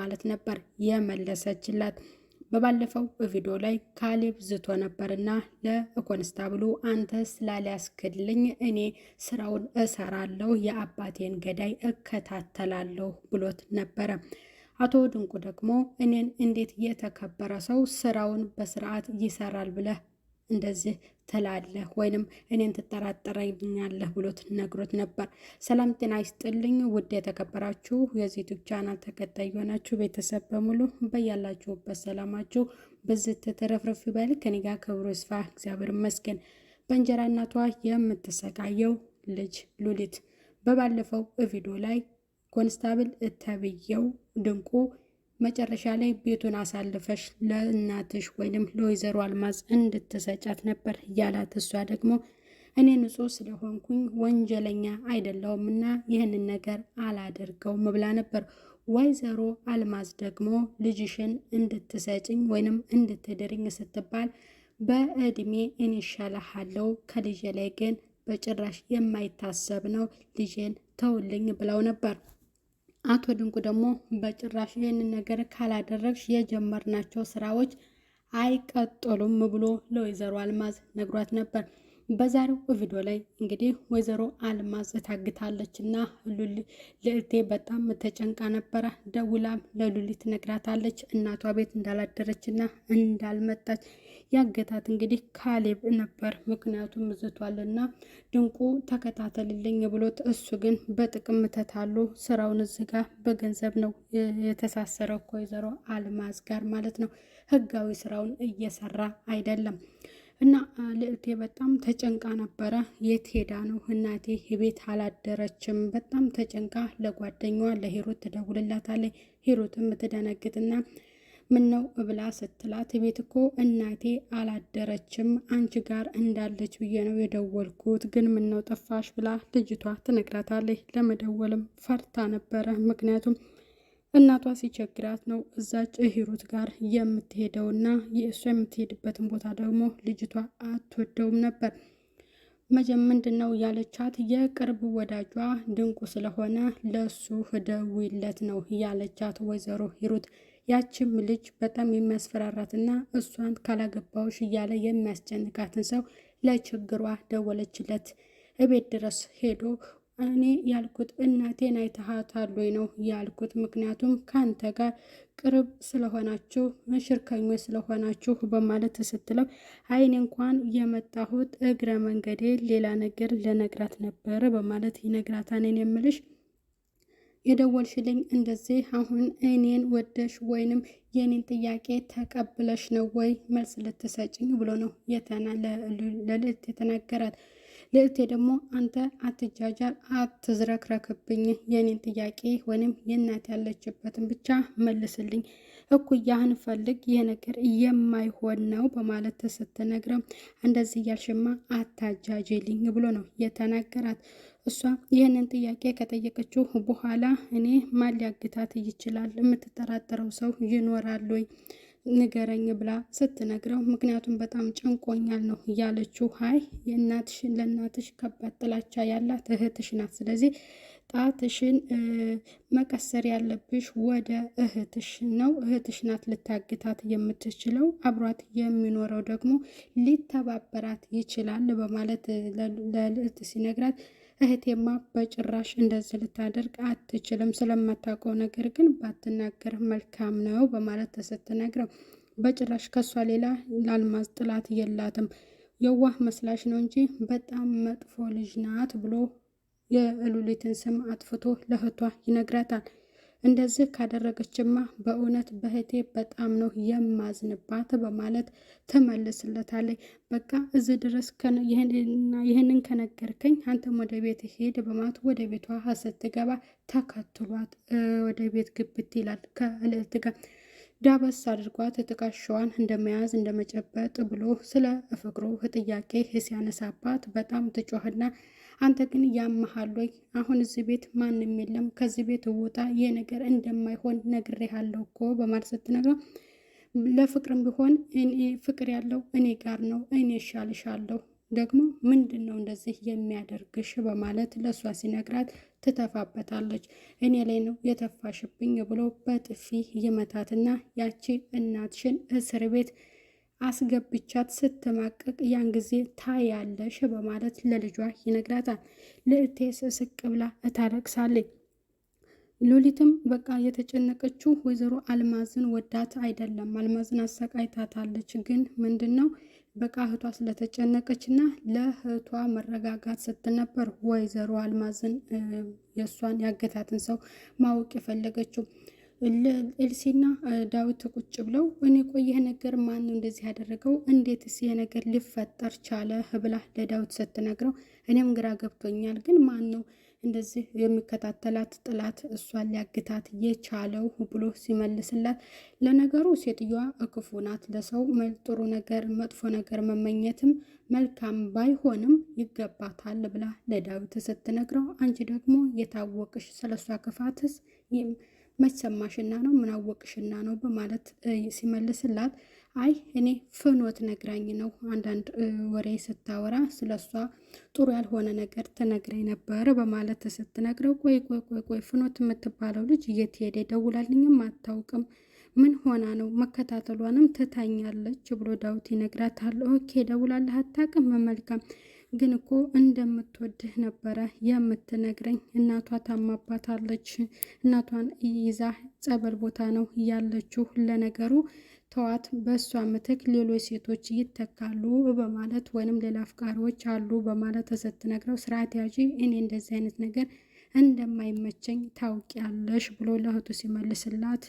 ማለት ነበር የመለሰችላት። በባለፈው ቪዲዮ ላይ ካሌብ ዝቶ ነበርና ለኮንስታብሉ አንተ ስላሊያስክልኝ እኔ ስራውን እሰራለሁ፣ የአባቴን ገዳይ እከታተላለሁ ብሎት ነበረ። አቶ ድንቁ ደግሞ እኔን እንዴት የተከበረ ሰው ስራውን በስርዓት ይሰራል ብለህ እንደዚህ ትላለህ ወይንም እኔን ትጠራጠረኛለህ ብሎት ነግሮት ነበር። ሰላም ጤና ይስጥልኝ ውድ የተከበራችሁ የዚቱ ቻናል ተከታይ የሆናችሁ ቤተሰብ በሙሉ በያላችሁበት ሰላማችሁ ብዝት ተረፍረፍ ይበል። ከኔ ጋር ክብሩ ስፋ እግዚአብሔር ይመስገን። በእንጀራ እናቷ የምትሰቃየው ልጅ ሉሊት በባለፈው ቪዲዮ ላይ ኮንስታብል እተብየው ድንቁ መጨረሻ ላይ ቤቱን አሳልፈሽ ለእናትሽ ወይም ለወይዘሮ አልማዝ እንድትሰጫት ነበር ያላት። እሷ ደግሞ እኔ ንጹሕ ስለሆንኩኝ ወንጀለኛ አይደለውም እና ይህንን ነገር አላደርገውም ብላ ነበር። ወይዘሮ አልማዝ ደግሞ ልጅሽን እንድትሰጭኝ ወይንም እንድትድርኝ ስትባል በእድሜ እኔ ከልጄ ላይ ግን በጭራሽ የማይታሰብ ነው ልጄን ተውልኝ ብለው ነበር። አቶ ድንቁ ደግሞ በጭራሽ ይህንን ነገር ካላደረግሽ የጀመርናቸው ስራዎች አይቀጥሉም ብሎ ለወይዘሮ አልማዝ ነግሯት ነበር። በዛሬው ቪዲዮ ላይ እንግዲህ ወይዘሮ አልማዝ ታግታለች እና ልዕልቴ በጣም ተጨንቃ ነበረ። ደውላም ለሉሊት ነግራታለች እናቷ ቤት እንዳላደረች እና እንዳልመጣች ያገታት እንግዲህ ካሌብ ነበር። ምክንያቱም ዝቷልና ድንቁ ተከታተልልኝ ብሎት፣ እሱ ግን በጥቅም ተታሉ ስራውን እዚህ ጋ በገንዘብ ነው የተሳሰረው ከወይዘሮ አልማዝ ጋር ማለት ነው። ህጋዊ ስራውን እየሰራ አይደለም። እና ልዕልቴ በጣም ተጨንቃ ነበረ። የት ሄዳ ነው እናቴ? የቤት አላደረችም። በጣም ተጨንቃ ለጓደኛዋ ለሂሩት ትደውልላታለች። ሂሩትም ትደነግጥና ምን ነው ብላ ስትላት ቤት እኮ እናቴ አላደረችም አንቺ ጋር እንዳለች ብዬ ነው የደወልኩት፣ ግን ምን ነው ጠፋሽ ብላ ልጅቷ ትነግራታለች። ለመደወልም ፈርታ ነበረ። ምክንያቱም እናቷ ሲቸግራት ነው እዛች እሂሩት ጋር የምትሄደውና የእሷ የምትሄድበትን ቦታ ደግሞ ልጅቷ አትወደውም ነበር። መጀመ ምንድን ነው ያለቻት የቅርብ ወዳጇ ድንቁ ስለሆነ ለሱ ደውይለት ነው ያለቻት ወይዘሮ ሂሩት ያችም ልጅ በጣም የሚያስፈራራትና እሷን ካላገባውሽ እያለ የሚያስጨንቃትን ሰው ለችግሯ ደወለችለት። እቤት ድረስ ሄዶ እኔ ያልኩት እናቴን አይተሃታል ወይ ነው ያልኩት። ምክንያቱም ከአንተ ጋር ቅርብ ስለሆናችሁ ሽርከኞች ስለሆናችሁ በማለት ስትለው አይን እንኳን የመጣሁት እግረ መንገዴ ሌላ ነገር ልነግራት ነበር በማለት ይነግራታንን የምልሽ የደወልሽልኝ እንደዚህ አሁን እኔን ወደሽ ወይንም የኔን ጥያቄ ተቀብለሽ ነው ወይ መልስ ልትሰጭኝ ብሎ ነው ለልዕልት የተናገራት። ልዕልቴ ደግሞ አንተ አትጃጃል፣ አትዝረክረክብኝ፣ የኔን ጥያቄ ወይንም የእናት ያለችበትን ብቻ መልስልኝ፣ እኩያህን ፈልግ፣ ይህ ነገር የማይሆን ነው በማለት ስትነግረም እንደዚህ እያልሽማ አታጃጅልኝ ብሎ ነው የተናገራት። እሷ ይህንን ጥያቄ ከጠየቀችው በኋላ እኔ ማን ሊያግታት ይችላል? የምትጠራጠረው ሰው ይኖራል ወይ? ንገረኝ ብላ ስትነግረው ምክንያቱም በጣም ጨንቆኛል ነው እያለችው። ሀይ የእናትሽን ለእናትሽ ከባድ ጥላቻ ያላት እህትሽ ናት። ስለዚህ ጣትሽን መቀሰር ያለብሽ ወደ እህትሽ ነው። እህትሽ ናት ልታግታት የምትችለው። አብሯት የሚኖረው ደግሞ ሊተባበራት ይችላል በማለት ለልዕልት ሲነግራት እህቴማ በጭራሽ እንደዚህ ልታደርግ አትችልም፣ ስለማታውቀው ነገር ግን ባትናገር መልካም ነው በማለት ስትነግረው በጭራሽ ከሷ ሌላ ላልማዝ ጥላት የላትም የዋህ መስላሽ ነው እንጂ በጣም መጥፎ ልጅ ናት ብሎ የሉሊትን ስም አጥፍቶ ለእህቷ ይነግራታል። እንደዚህ ካደረገችማ በእውነት በህቴ በጣም ነው የማዝንባት በማለት ትመልስለታለች። በቃ እዚህ ድረስ ይህንን ከነገርከኝ አንተም ወደ ቤት ሄድ በማለት ወደ ቤቷ ሀሴት ትገባ ተከትሏት ወደ ቤት ግብት ይላል ከልዕልት ጋር ዳበስ አድርጓት ትከሻዋን እንደመያዝ እንደመጨበጥ ብሎ ስለ ፍቅሩ ጥያቄ ሲያነሳባት በጣም ትጮህና አንተ ግን ያመሃል ወይ? አሁን እዚህ ቤት ማንም የለም፣ ከዚህ ቤት ውጣ፣ ይህ ነገር እንደማይሆን ነግሬሃለሁ እኮ በማለት ስትነግረው ለፍቅርም ቢሆን ፍቅር ያለው እኔ ጋር ነው፣ እኔ እሻልሻለሁ፣ ደግሞ ምንድን ነው እንደዚህ የሚያደርግሽ በማለት ለእሷ ሲነግራት ትተፋበታለች። እኔ ላይ ነው የተፋሽብኝ ብሎ በጥፊ ይመታትና ያቺ እናትሽን እስር ቤት አስገብቻት ስትማቀቅ ያን ጊዜ ታያለሽ በማለት ለልጇ ይነግራታል። ልዕልቴስ እስቅ ብላ እታለቅሳለች። ሉሊትም በቃ የተጨነቀችው ወይዘሮ አልማዝን ወዳት አይደለም፣ አልማዝን አሰቃይታታለች። ግን ምንድን ነው በቃ እህቷ ስለተጨነቀች እና ለእህቷ መረጋጋት ስትነበር ወይዘሮ አልማዝን የእሷን ያገታትን ሰው ማወቅ የፈለገችው። ኤልሲና ዳዊት ቁጭ ብለው እኔ ቆይ ነገር ማን ነው እንደዚህ ያደረገው? እንዴትስ ይህ ነገር ሊፈጠር ቻለ? ብላ ለዳዊት ስትነግረው እኔም ግራ ገብቶኛል፣ ግን ማን ነው እንደዚህ የሚከታተላት ጥላት እሷን ሊያግታት የቻለው ብሎ ሲመልስላት፣ ለነገሩ ሴትዮዋ ክፉ ናት። ለሰው ጥሩ ነገር መጥፎ ነገር መመኘትም መልካም ባይሆንም ይገባታል ብላ ለዳዊት ስትነግረው፣ አንቺ ደግሞ የታወቅሽ ስለሷ ክፋትስ መሰማሽና ነው ምናወቅሽና ነው በማለት ሲመልስላት፣ አይ እኔ ፍኖት ነግራኝ ነው አንዳንድ ወሬ ስታወራ ስለሷ ጥሩ ያልሆነ ነገር ትነግረኝ ነበር በማለት ስትነግረው፣ ቆይ ቆይ ቆይ ቆይ ፍኖት የምትባለው ልጅ የት ሄደ? ደውላልኝም አታውቅም ምን ሆና ነው? መከታተሏንም ትታኛለች ብሎ ዳዊት ይነግራታል። ኦኬ ደውላለህ አታውቅም? መልካም ግን እኮ እንደምትወድህ ነበረ የምትነግረኝ። እናቷ ታማባታለች። እናቷን ይዛ ጸበል ቦታ ነው ያለችው። ለነገሩ ተዋት፣ በእሷ ምትክ ሌሎች ሴቶች ይተካሉ በማለት ወይንም ሌላ አፍቃሪዎች አሉ በማለት ስትነግረው ስርዓት ያዥ፣ እኔ እንደዚህ አይነት ነገር እንደማይመቸኝ ታውቂያለሽ ብሎ ለእህቱ ሲመልስላት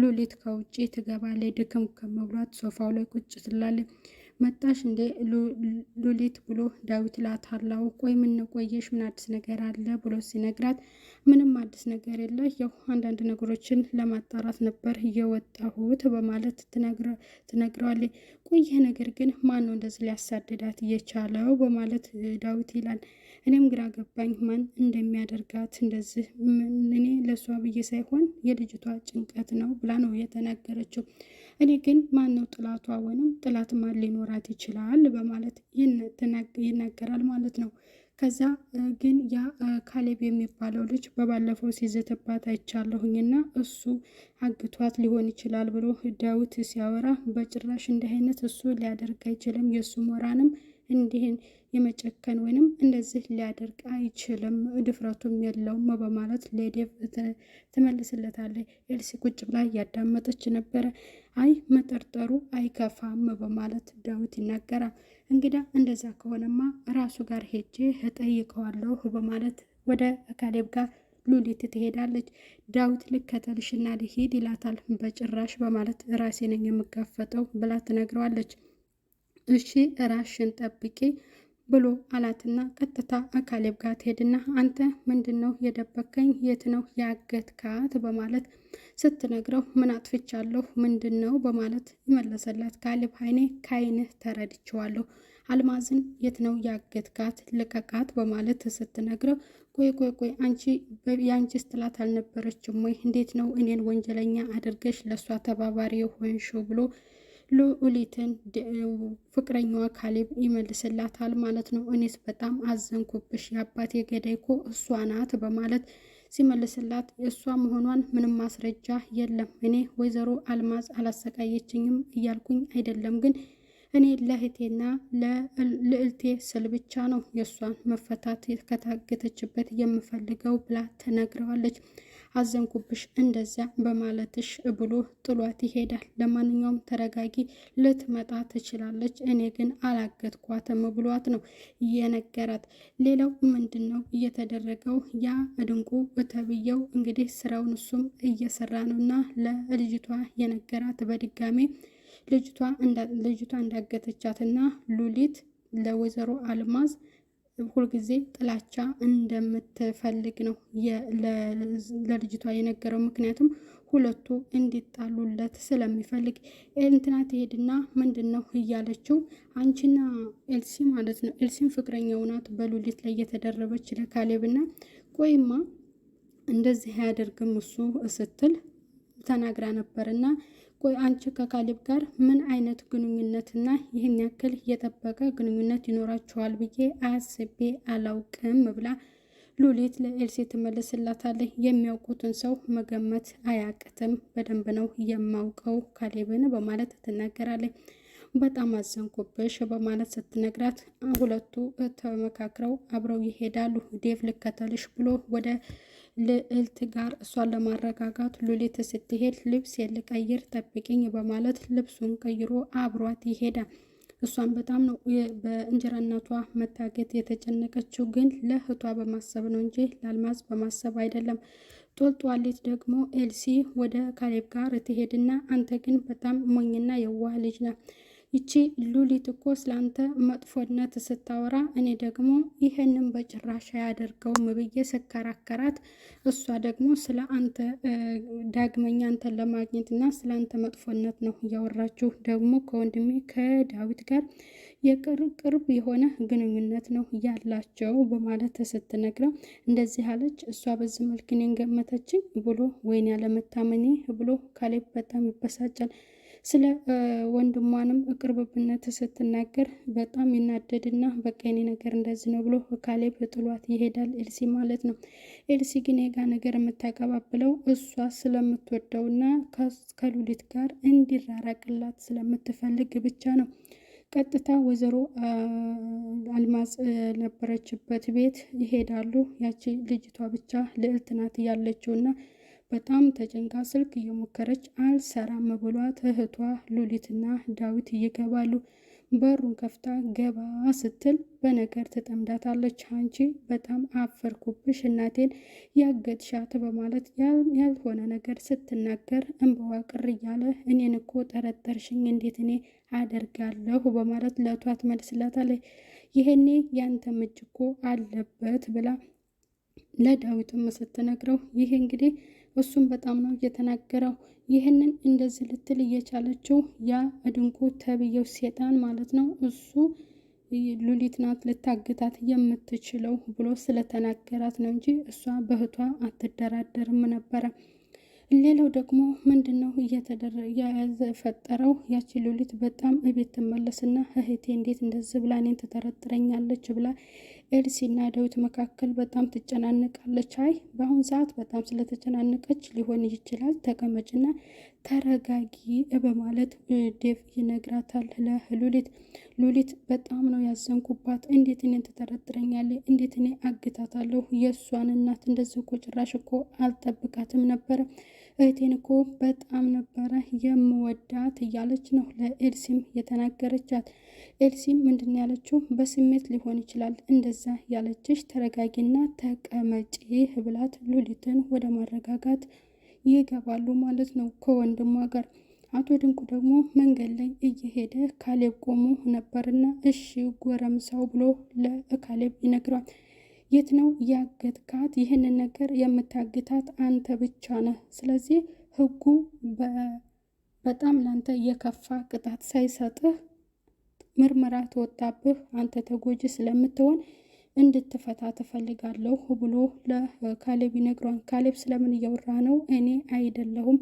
ሉሊት ከውጭ ትገባለች። ድክም ከመብሏት ሶፋው ላይ ቁጭ ትላለች። መጣሽ እንዴ ሉሊት ብሎ ዳዊት ላታላው ቆይ ቆየሽ ምን አዲስ ነገር አለ ብሎ ሲነግራት ምንም አዲስ ነገር የለ ያው አንዳንድ ነገሮችን ለማጣራት ነበር እየወጣሁት በማለት ትነግረዋለች። ቆይ ነገር ግን ማን ነው እንደዚህ ሊያሳድዳት እየቻለው በማለት ዳዊት ይላል። እኔም ግራ ገባኝ ማን እንደሚያደርጋት እንደዚህ። እኔ ለእሷ ብዬ ሳይሆን የልጅቷ ጭንቀት ነው ብላ ነው የተናገረችው። እኔ ግን ማን ነው ጥላቷ ወይም ጥላት ማን ሊኖራት ይችላል በማለት ይናገራል ማለት ነው። ከዛ ግን ያ ካሌብ የሚባለው ልጅ በባለፈው ሲዘትባት አይቻለሁኝና እሱ አግቷት ሊሆን ይችላል ብሎ ዳዊት ሲያወራ፣ በጭራሽ እንዲህ አይነት እሱ ሊያደርግ አይችልም የእሱ ሞራንም እንዲህን የመጨከን ወይንም እንደዚህ ሊያደርግ አይችልም፣ ድፍረቱም የለውም በማለት ለዴቭ ትመልስለታለች። ኤልሲ ቁጭ ብላ እያዳመጠች ነበረ። አይ መጠርጠሩ አይከፋም በማለት ዳዊት ይናገራል። እንግዳ እንደዛ ከሆነማ ራሱ ጋር ሄጄ እጠይቀዋለሁ በማለት ወደ ካሌብ ጋር ሉሊት ትሄዳለች። ዳዊት ልከተልሽና ልሄድ ይላታል። በጭራሽ በማለት ራሴ ነኝ የምጋፈጠው ብላ ትነግረዋለች። እሺ ራሽን ጠብቂ ብሎ አላትና ቀጥታ አካሌብ ጋር ትሄድና አንተ ምንድን ነው የደበከኝ? የት ነው ያገትካት? በማለት ስትነግረው ምን አጥፍቻለሁ ምንድን ነው በማለት ይመለሰላት። ካሌብ ሀይኔ ከአይንህ ተረድቼዋለሁ። አልማዝን የት ነው ያገትካት? ልቀቃት በማለት ስትነግረው ቆይ ቆይ ቆይ አንቺ የአንቺ ስትላት አልነበረችም ወይ? እንዴት ነው እኔን ወንጀለኛ አድርገሽ ለእሷ ተባባሪ የሆንሽው ብሎ ሉሊትን ፍቅረኛዋ ካሌብ ይመልስላታል ማለት ነው። እኔስ በጣም አዘንኩብሽ፣ የአባቴ ገዳይ እኮ እሷ ናት በማለት ሲመልስላት እሷ መሆኗን ምንም ማስረጃ የለም። እኔ ወይዘሮ አልማዝ አላሰቃየችኝም እያልኩኝ አይደለም፣ ግን እኔ ለእህቴና ለልዕልቴ ስል ብቻ ነው የእሷን መፈታት ከታገተችበት የምፈልገው ብላ ተነግረዋለች። አዘንኩብሽ እንደዚያ በማለትሽ ብሎ ጥሏት ይሄዳል። ለማንኛውም ተረጋጊ፣ ልትመጣ ትችላለች፣ እኔ ግን አላገትኳትም ብሏት ነው የነገራት። ሌላው ምንድን ነው እየተደረገው? ያ ድንቁ ተብዬው እንግዲህ ስራውን እሱም እየሰራ ነው እና ለልጅቷ የነገራት በድጋሜ ልጅቷ እንዳገተቻት እና ሉሊት ለወይዘሮ አልማዝ ሁልጊዜ ጥላቻ እንደምትፈልግ ነው ለልጅቷ የነገረው። ምክንያቱም ሁለቱ እንዲጣሉለት ስለሚፈልግ እንትና ትሄድና ምንድን ነው እያለችው አንቺና ኤልሲ ማለት ነው። ኤልሲም ፍቅረኛው ናት በሉሊት ላይ የተደረበች ለካሌብና ቆይማ እንደዚህ አያደርግም እሱ ስትል ተናግራ ነበርና? ቆይ አንቺ ከካሊብ ጋር ምን አይነት ግንኙነትና ይህን ያክል የጠበቀ ግንኙነት ይኖራችኋል ብዬ አስቤ አላውቅም ብላ ሉሊት ለኤልሲ ትመልስላታለች። የሚያውቁትን ሰው መገመት አያቅትም፣ በደንብ ነው የማውቀው ካሌብን በማለት ትናገራለች። በጣም አዘንኩብሽ በማለት ስትነግራት ሁለቱ ተመካክረው አብረው ይሄዳሉ። ዴቭ ልከተልሽ ብሎ ወደ ልዕልት ጋር እሷን ለማረጋጋት ሉሊት ስትሄድ ልብስ የልቀይር ጠብቅኝ በማለት ልብሱን ቀይሮ አብሯት ይሄዳል። እሷን በጣም ነው በእንጀራ እናቷ መታገት የተጨነቀችው፣ ግን ለእህቷ በማሰብ ነው እንጂ ለአልማዝ በማሰብ አይደለም። ጦልጧሌት ደግሞ ኤልሲ ወደ ካሌብ ጋር ትሄድና አንተ ግን በጣም ሞኝና የዋህ ልጅ ነህ ይቺ ሉሊት እኮ ስላንተ መጥፎነት ስታወራ እኔ ደግሞ ይሄንን በጭራሽ አያደርገውም ብዬ ስከራከራት፣ እሷ ደግሞ ስለ አንተ ዳግመኛ አንተን ለማግኘት እና ስለ አንተ መጥፎነት ነው እያወራችሁ ደግሞ ከወንድሜ ከዳዊት ጋር የቅርብ የሆነ ግንኙነት ነው ያላቸው በማለት ስትነግረው እንደዚህ አለች። እሷ በዚህ መልክ እኔን ገመተችኝ ብሎ ወይን ያለመታመኔ ብሎ ካሌብ በጣም ይበሳጫል። ስለ ወንድሟንም ቅርብብነት ስትናገር በጣም ይናደድና በቃ የኔ ነገር እንደዚህ ነው ብሎ ካሌብ ጥሏት ይሄዳል። ኤልሲ ማለት ነው። ኤልሲ ግን የጋ ነገር የምታቀባብለው እሷ ስለምትወደውና ከሉሊት ጋር እንዲራራቅላት ስለምትፈልግ ብቻ ነው። ቀጥታ ወይዘሮ አልማዝ ነበረችበት ቤት ይሄዳሉ። ያቺ ልጅቷ ብቻ ልዕልት ናት ያለችው እና በጣም ተጨንቃ ስልክ እየሞከረች አልሰራም ብሏ እህቷ ሉሊትና ዳዊት ይገባሉ። በሩን ከፍታ ገባ ስትል በነገር ትጠምዳታለች። አንቺ በጣም አፈርኩብሽ እናቴን ያገድሻት በማለት ያልሆነ ነገር ስትናገር እንበዋ ቅር እያለ እኔን እኮ ጠረጠርሽኝ፣ እንዴት እኔ አደርጋለሁ በማለት ለቷት መልስላታለች። ይሄኔ ያንተ እጅ እኮ አለበት ብላ ለዳዊትም ስትነግረው ይሄ እንግዲህ እሱም በጣም ነው እየተናገረው። ይህንን እንደዚህ ልትል እየቻለችው ያ እድንቁ ተብየው ሴጣን ማለት ነው እሱ ሉሊት ናት ልታግታት የምትችለው ብሎ ስለተናገራት ነው እንጂ እሷ በእህቷ አትደራደርም ነበረ። ሌላው ደግሞ ምንድን ነው የተፈጠረው? ያቺ ሉሊት በጣም እቤት ትመለስና እህቴ እንዴት እንደዚህ ብላ እኔን ትጠረጥረኛለች ብላ ኤልሲና ዳዊት መካከል በጣም ትጨናነቃለች። አይ በአሁን ሰዓት በጣም ስለተጨናነቀች ሊሆን ይችላል፣ ተቀመጭና ተረጋጊ በማለት ዴቭ ይነግራታል ለሉሊት። ሉሊት በጣም ነው ያዘንኩባት። እንዴት እኔን ትጠረጥረኛለች? እንዴት እኔ አግታታለሁ? የእሷን እናት እንደዚህ እኮ ጭራሽ እኮ አልጠብቃትም ነበረ። እህቴን እኮ በጣም ነበረ የምወዳት እያለች ነው ለኤልሲም የተናገረቻት። ኤልሲም ምንድን ያለችው በስሜት ሊሆን ይችላል እንደዛ ያለችሽ፣ ተረጋጊና ተቀመጪ ህብላት ሉሊትን ወደ ማረጋጋት ይገባሉ ማለት ነው ከወንድሟ ጋር። አቶ ድንቁ ደግሞ መንገድ ላይ እየሄደ ካሌብ ቆሞ ነበርና እሺ ጎረምሳው ብሎ ለካሌብ ይነግረዋል። የት ነው ያገትካት? ይህንን ነገር የምታግታት አንተ ብቻ ነህ። ስለዚህ ህጉ በጣም ላንተ የከፋ ቅጣት ሳይሰጥህ ምርመራ ተወጣብህ አንተ ተጎጂ ስለምትሆን እንድትፈታ ትፈልጋለሁ ብሎ ለካሌብ ይነግሯል። ካሌብ ስለምን እያወራ ነው? እኔ አይደለሁም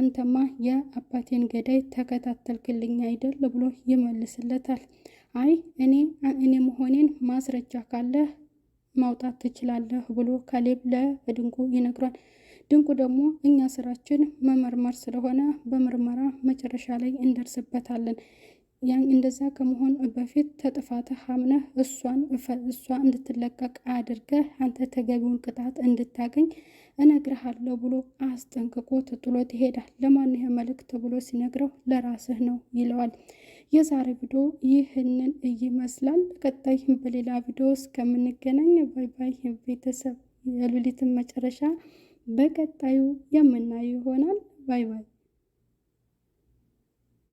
አንተማ የአባቴን ገዳይ ተከታተልክልኝ አይደል ብሎ ይመልስለታል። አይ እኔ እኔ መሆኔን ማስረጃ ካለ ማውጣት ትችላለህ ብሎ ካሌብ ለድንቁ ይነግሯል። ድንቁ ደግሞ እኛ ስራችን መመርመር ስለሆነ በምርመራ መጨረሻ ላይ እንደርስበታለን ያን እንደዛ ከመሆን በፊት ተጥፋት አምነህ እሷን እሷ እንድትለቀቅ አድርገህ አንተ ተገቢውን ቅጣት እንድታገኝ እነግርሃለሁ ብሎ አስጠንቅቆ ጥሎት ይሄዳል። ለማን ይህ መልእክት ብሎ ሲነግረው ለራስህ ነው ይለዋል። የዛሬ ቪዲዮ ይህንን ይመስላል። ቀጣይ በሌላ ቪዲዮ እስከምንገናኝ ባይ ባይ። ቤተሰብ የሉሊትን መጨረሻ በቀጣዩ የምናየው ይሆናል። ባይ ባይ።